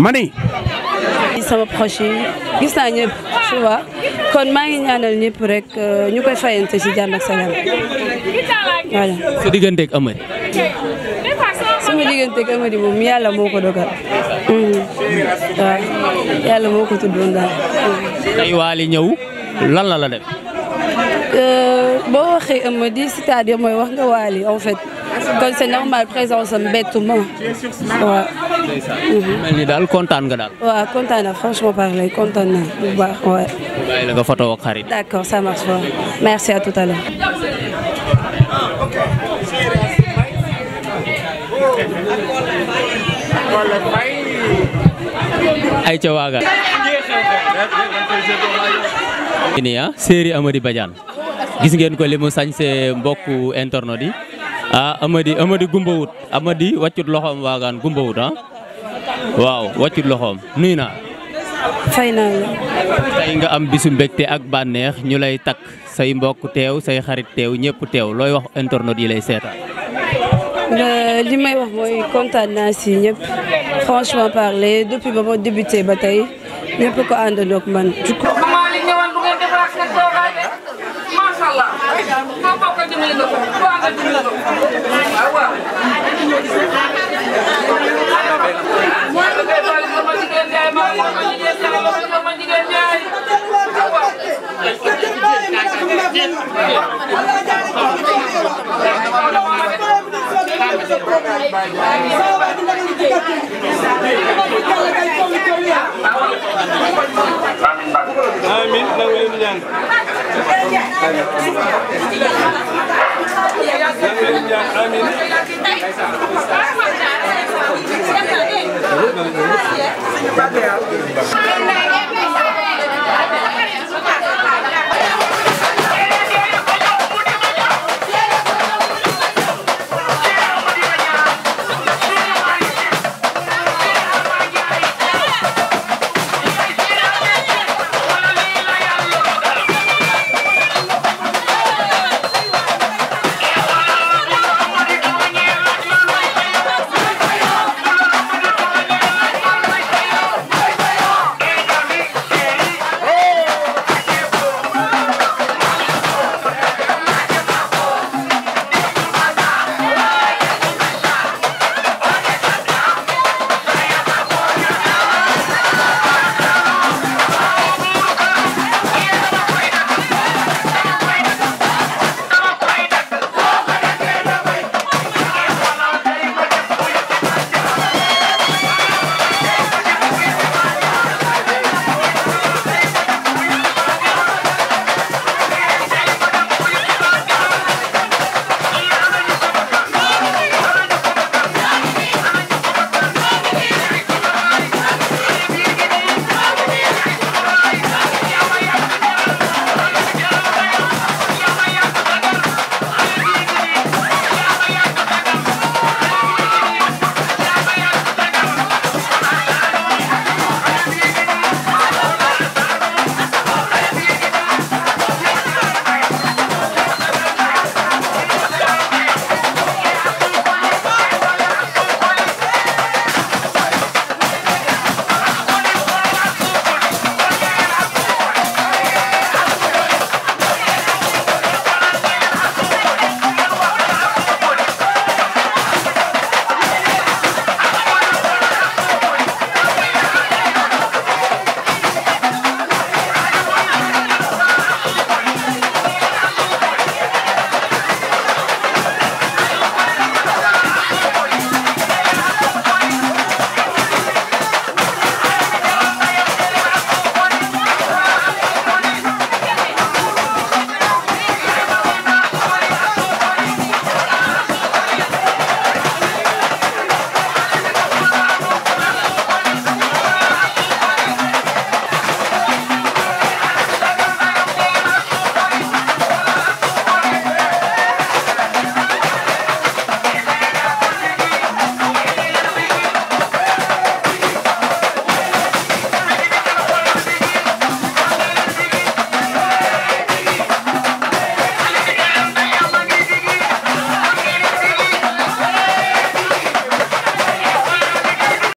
mani. sama proche yi gis naa ñëpp tu vois kon maa ngi ñaanal ñépp rek euh, ñu koy fayante ci jàmm ak salaam voilà. digganteeg Amady. sama digganteeg Amady moom yàlla moo ko dogal. Hmm. waaw yàlla moo ko tuddoon daal. tey Waly ñëw lan la la def. Euh, boo waxee Amady c'est-à-dire mooy wax nga Waly en fait. kon c'est normal présence am bettu ma waaw. mel ni daal kontaan nga daal. waaw kontaan na franchement parler kontaan na bu baax waay. bàyyi la nga photo ak xarit. d'accord ça marche fort merci à tout à l'heure. ay ca waaga ni ah Seri Amady Badiane gis ngeen ko li mu sañse mbokku internet yi ah amadi Amady Gumbawut amadi wàccut loxoom waagaan Gumbawut ah waaw wàccut loxoom nuyu naa. fay naa la. tey nga am bisu mbégte ak banneex ñu lay takk say mbokk teew say xarit teew ñëpp teew looy wax internet yi lay seetaan. li may wax mooy kontaan naa si ñëpp franchement parler depuis ba ma débuté ba tey ñëpp ko àndandoo ak man. maman Amin nangu leen ñaan nangu leen ñaan amin Amin